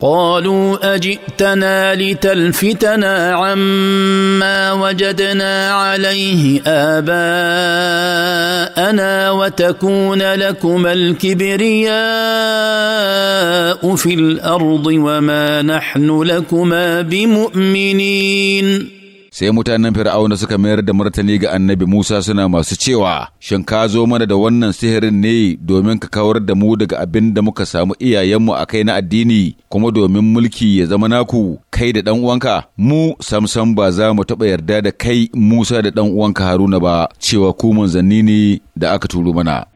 قالوا اجئتنا لتلفتنا عما وجدنا عليه اباءنا وتكون لكما الكبرياء في الارض وما نحن لكما بمؤمنين sai mutanen fir'auna suka mayar da martani ga annabi Musa suna masu cewa shin ka zo mana da wannan sihirin ne domin ka kawar da mu daga abin da muka samu iyayenmu a kai na addini kuma domin mulki ya zama naku kai da ɗan uwanka mu samsam ba za mu taɓa yarda da kai Musa da ɗan uwanka Haruna ba cewa ku manzanni ne da aka turo mana